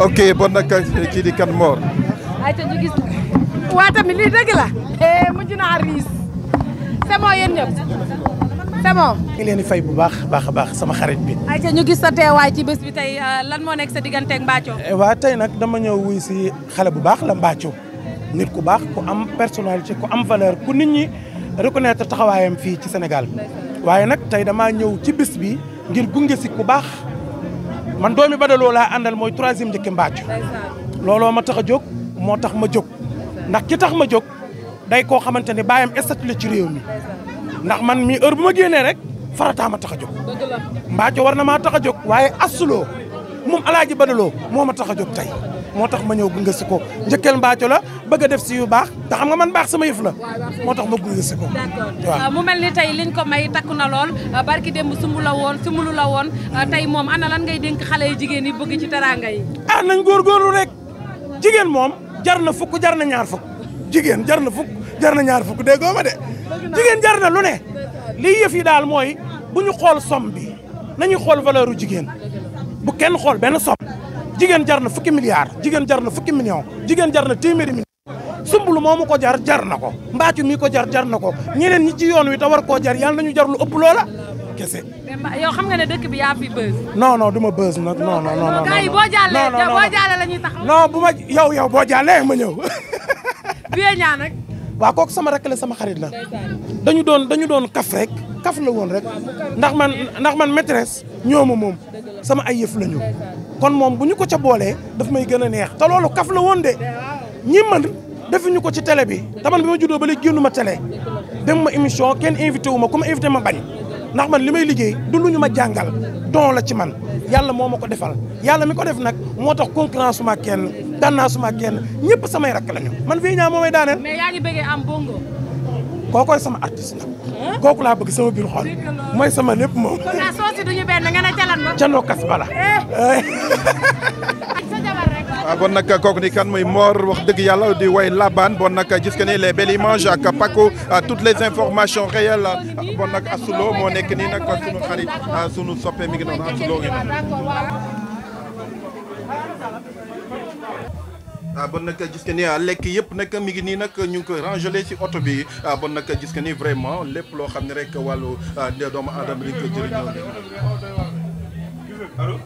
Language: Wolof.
ok bon nag euh, kii di Kane Mor. ay te ñu gis waa tamit lii la. Eh, mujj naa riis. c'est bon yéen ñëpp c'est di fay bu baax baax a baax sama xarit bi. ay te ñu gis sa teewaay ci bés bi tey euh, lan moo nekk sa digganteeg Mbathio. Eh, waa tey nag dama ñëw wuy si xale bu baax la Mbathio. nit ku baax ku am personnalité ku am valeur ku nit ñi reconnaître taxawaayam fii ci senegal waaye nag tey damaa ñëw ci bés bi ngir gunge si ku baax. man doomi Badaloo laa àndal mooy troisième njëkk mbàccu looloo ma tax a jóg moo tax ma jóg ndax ki tax ma jóg day koo xamante ne baayam statut la ci réew mi ndax man mi heure bu ma génnee rek farataa ma tax a jóg mbàccu war na maa tax a jóg waaye asuloo moom alaaji badaloo moo ma tax a jot tey moo tax ma ñëw gunge si ko njëkkal mbaaco la bëgg a def si yu baax te xam nga man baax sama yëf la moo tax ma gunge si ko waaw euh, mu mel ni tey liñ ko may takku na lool euh, barki démb sumb la woon sumbulu la woon euh, tey moom ana lan ngay dénk xale yi jigéen yi bëgg ci teraanga yi ah nañ góorgóorlu rek jigéen moom jar na fukk jar na ñaar fukk jigéen jar na fukk jar na ñaar fukk déggoo ma de jigéen jar na lu ne lii yëf daal mooy bu ñu xool som bi nañu xool valeur u jigéen bu kenn xool benn sob jigéen jar na fukki milliard jigéen jar na fukki million jigéen jar na téeméeri million sumbulu moomu ko jar jar na ko mbaacu mi ko jar jar na ko ñeneen ñi ci yoon wi te war koo jar yàlla nañu jar lu ëpp loola kese. yow xam nga ne dëkk bi ma buzz nag. non non non non gars yi boo jàllee. bu ma yow yow boo jàllee ma ñëw. Vieux waaw kooku sama rakk la sama xarit la dañu doon dañu doon kaf rek kaf la woon rek ndax man ndax man maîtresse ñooma moom sama ay yëf la ñu kon moom bu ñu ko ca boolee daf may gën a neex te loolu kaf la woon de ñi man defuñu ko ci tele bi te man bi ma juddoo ba léegi génnu ma dem ma émission kenn invité wu ma ku ma ma bañ ndax man li may liggéey du lu ñu ma jàngal don la ci man yàlla moo ma ko defal yàlla mi ko def nag moo tax concurrence ma kenn daan naa suma kenn ñëpp samay rakk lañu man fii ñaa moomay daaneel. mais sama artiste nag. kooku laa bëgg sama biir xol. mooy sama lépp moom. kon naa bala. waaw eh. eh. ah, bon nag kooku ni kan muy Mor wax dëgg yàlla di way Labane bon nag gis ni les belles images ak Paco ah, toutes les informations réelles ah, bon nag Asulo moo nag sunu xarit sunu soppe mi ngi noonu ah bon nag gis nga ni ah, lekk yëpp nag mi ngi nii nag ñu ngi koy rangelé ci oto bi ah, bon nag gis nga ni vraiment lépp loo xam ne rek wàllu ah, doomu aadama dañ koy jëriñoo.